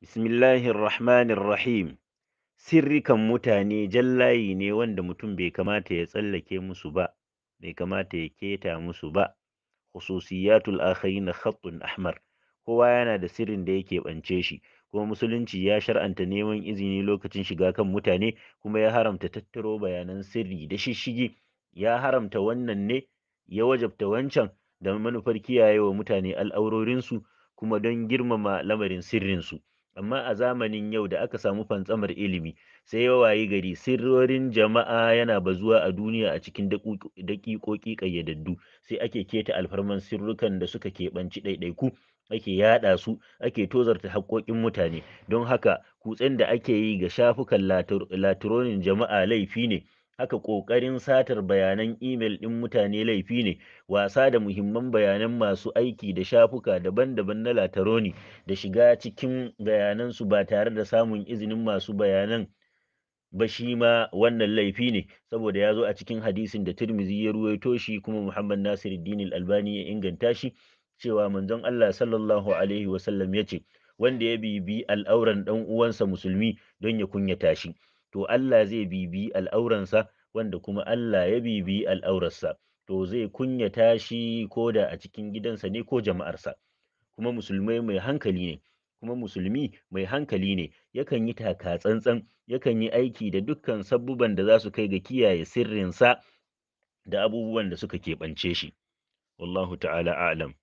Bismillahir Rahmanir Rahim. Sirrikan mutane jallayi ne wanda mutum bai kamata ya tsallake musu ba, bai kamata ya keta musu ba. Khususiyatul akharin khattun ahmar. Kowa yana da sirrin da yake bance shi, kuma musulunci ya shar'anta neman izini lokacin shiga kan mutane, kuma ya haramta tattaro bayanan sirri da shishigi, ya haramta wannan ne, ya wajabta wancan da manufar kiyaye wa mutane al'aurorinsu kuma don girmama lamarin sirrinsu. amma a zamanin yau da aka samu fantsamar ilimi sai ya wayi gari sirrorin jama'a yana bazuwa a duniya a cikin daƙiƙoƙi ƙayyadaddu sai ake keta alfarman sirrukan da suka keɓanci ɗaiɗaiku ake yaɗa su ake tozarta haƙoƙin mutane don haka kutsen da ake yi ga shafukan laturonin jama'a laifi ne haka ƙoƙarin satar bayanan imel ɗin mutane laifi ne wasa da muhimman bayanan masu aiki da shafuka daban-daban na lataroni da shiga cikin bayanansu ba tare da samun izinin masu bayanan ba shi ma wannan laifi ne saboda ya zo a cikin hadisin da tirmizi ya ruwaito shi kuma muhammad nasiruddin albani ya inganta shi cewa manzon allah sallallahu alaihi wasallam ya ce wanda ya bibi al'auran ɗan uwansa musulmi don ya kunyata shi to Allah zai bibi al'auransa wanda kuma Allah ya bibi al'aurarsa to zai kunyata shi ko da a cikin gidansa ne ko jama'arsa kuma musulmai mai hankali ne kuma musulmi mai hankali ne yakan yi taka tsantsan yakan yi aiki da dukkan sabbuban da za su kai ga kiyaye sirrinsa da abubuwan da suka keɓance shi wallahu ta'ala a'lam